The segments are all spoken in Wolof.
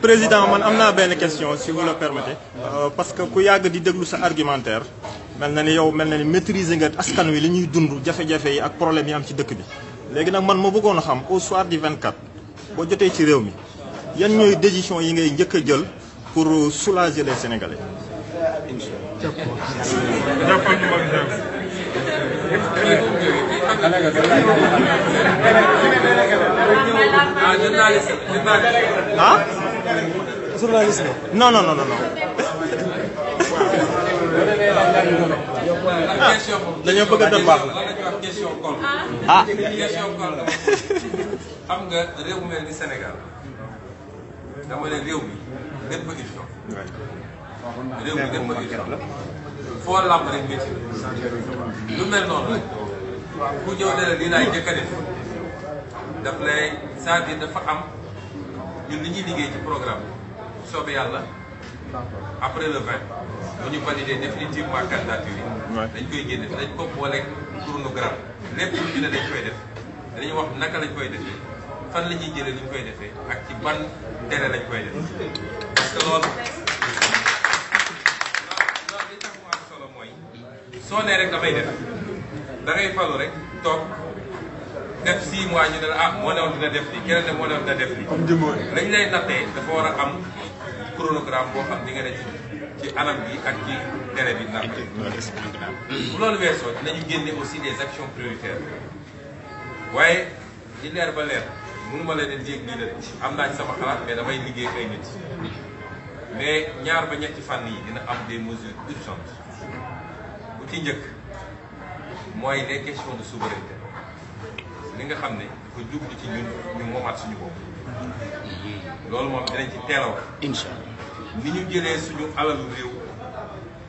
président man am naa benn question si vous le permettez. Euh, parce que ku yàgg di déglu sa argumentaire. mel na ni yow mel na ni maîtriser nga askan wi li ñuy dund jafe-jafe yi ak problème yi am ci dëkk bi. léegi nag man ma bëggoon a xam au soir du 24 boo jotee ci réew mi yan ñooy décision yi ngay njëkk a jël pour soulager les Sénégalais. ah journaliste non non non non dañoo bëgg a doon baax ah xam nga réew mel ni Sénégal dama ne réew mi gën ma émission foo làmb rek métier mel noonu ku ñëw ne la lii laay def daf lay cest à dafa am ñun li ñuy liggéey ci programme bi soobee yàlla après le 20 bu ñu valider définitivement candidature yi. dañ koy génne dañ ko booleeg chronogramme lépp lu ñu ne dañ koy def dañu wax naka lañ koy defee fan la ñuy jëlee luñ koy defee ak ci ban délai lañ koy def parce que loolu. soo nee rek damay def da falu rek toog. def six mois ñu ne la ah moo newoon dina def lii keneen ne moo newoon dina def lii. comme jëmm lañ lay nattee dafa war a am chronogramme boo xam di nga ne ci anam bi ak ci tere bi natt. Hmm. bu loolu weesoo dinañu génne aussi des actions prioritaires waaye li leer ba leer mënuma la leen yéeg nii la am naa ci sama xalaat mais damay liggéey ay nit mais ñaar ba ñetti fànn yi dina am des mesures urgentes bu ci njëkk mooy les li nga xam ne ko jublu ci ñun ñu moomaat suñu bopp loolu moom dinañ ci teel ni ñu jëlee suñu alalu réew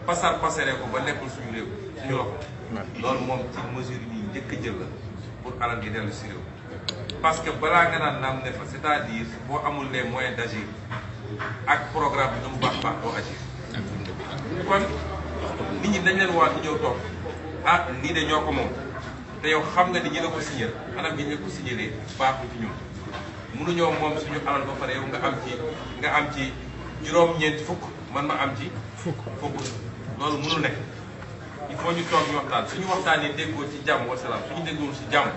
pasar pasaree ko ba nekkul suñu réew suñu loxo loolu moom ci mesure yi njëkk jël la pour alal gi dellu si réew parce que balaa nga naan naam ne fa cest à boo amul les moyens d'agir ak programme bi nu mu baax baax doo agir kon nit ñi dañ leen waat ñëw toog ah lii de ñoo ko moom te yow xam nga ni ñi la ko signal anam gi ñu ko signalee baaxul ci ñun mënuñoo moom suñu alal ba pare yow nga am ci nga am ci juróom-ñeenti fukk man ma am ci fukk fukk loolu mënul nekk il faut ñu toog ñu waxtaan suñu waxtaan yi déggoo ci jàmm wasalaam suñu déggoon ci jàmm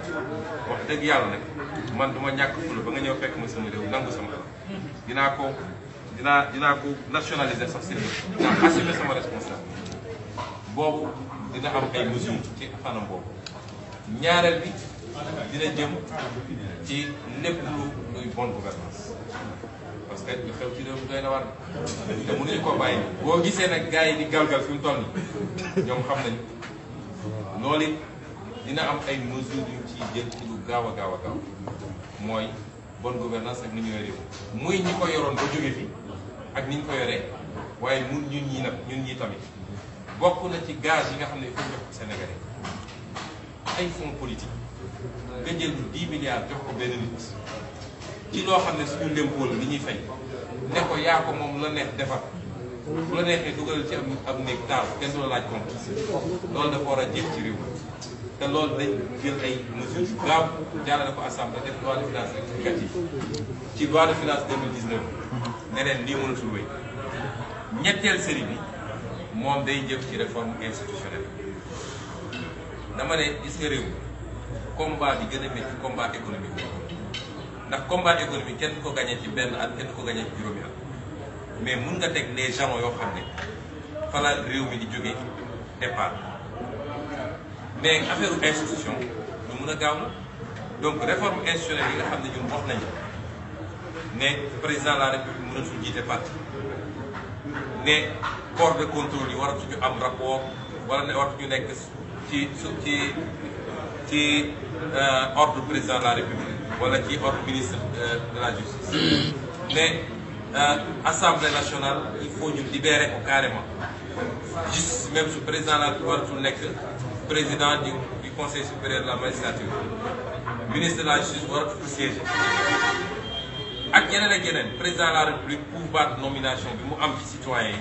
wax dëgg yàlla nag man duma ñàkk fula ba nga ñëw fekk ma sama réew nangu sama dinaa ko dinaa dinaa ko nationaliser sax seen dinaa assumer boobu dina am ay mesures ci fanam ñaareel bi dina jëm ci lépp lu luy bonne gouvernance parce que ñu xew ci réew doy na war te mënuñu ko bàyyi boo gisee nag gars yi di galgal fi mu toll nii ñoom xam nañu loolu dina am ay mesures yu ciy jël ci lu gaaw a gaaw a gaaw mooy bonne gouvernance ak ni ñu yore muy ñi ko yoroon ba jóge fi ak ni ñu ko yoree waaye mun ñun ñi nag ñun ñi tamit bokk na ci gaz yi nga xam ne il faut ñu jox ko Sénégalais ay fonds politique nga jël 10 milliards jox ko benn nit ci loo xam ne suñu ndémpoo la li ñuy fay ne ko yaa ko moom la neex defar bu la neexee dugalal ci am am néeg taal kenn du la laaj compte loolu dafa war a jeex ci réew mi te loolu dañ jël ay mesures gaaw jaarale ko assemblée def loi de finance rectificative ci loi de finance 2019 ne leen lii mënatul wéy ñetteel série bi moom day jëm ci réforme institutionnelle dama ne gis nga combat bi gën a métti combat économique ndax combat économique kenn ko gagné ci benn at kenn ko gagné ci juróomi at mais mun nga teg des gens yoo xam ne falaal réew mi di jóge départ mais affaire institution lu mun a gaaw la donc réforme institutionnelle yi nga xam ne ñun wax nañu ne président de la république a na suñu jiite ne corps de contrôle yi waratuñu am rapport wala ne waratuñu nekk. ci su ci ci euh, ordre président de la république wala ci ordre ministre euh, de la justice mm. mais euh, assemblée nationale il faut ñu libérer ko carrément juste même su président la waratul nekk président du du conseil supérieur de la magistrature ministre de la justice waratu ko siéger ak yeneen ak yeneen nomination bi mu am ci citoyen yi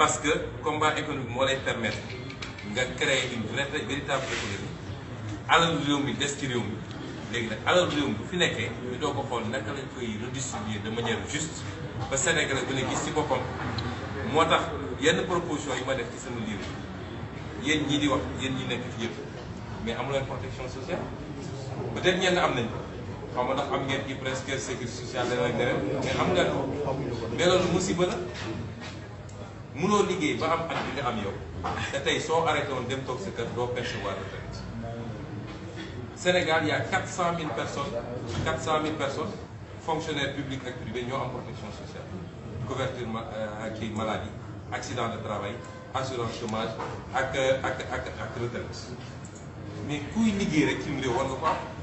parce que combat économique moo lay permettre nga créer une vraie véritable économie alalu réew mi des ci réew mi léegi nag alalu réew mi bu fi nekkee ñu doo ko xool naka lañ koy redistribuer de manière juste ba Sénégal bu ne gis ci boppam moo tax yenn proposition yi ma def ci sama livre yéen ñii di wax yéen ñi nekk ci yëpp mais amuleen protection sociale peut-être ñenn am nañ ko xaw ma am ngeen ci presque sécurité sociale leneen mais am nga ko mais musiba la mënoo liggéey ba am at bi nga am yow te tey soo arrêté woon dem toog sa kër doo Sénégal y a cent mille personnes quatre cent mille personnes fonctionnaires publics ak privés ñoo am protection sociale couverture euh, kii maladie accident de travail assurance chômage ak euh, ak ak ak retraite mais kuy liggéey rek ci mu réew war nga ko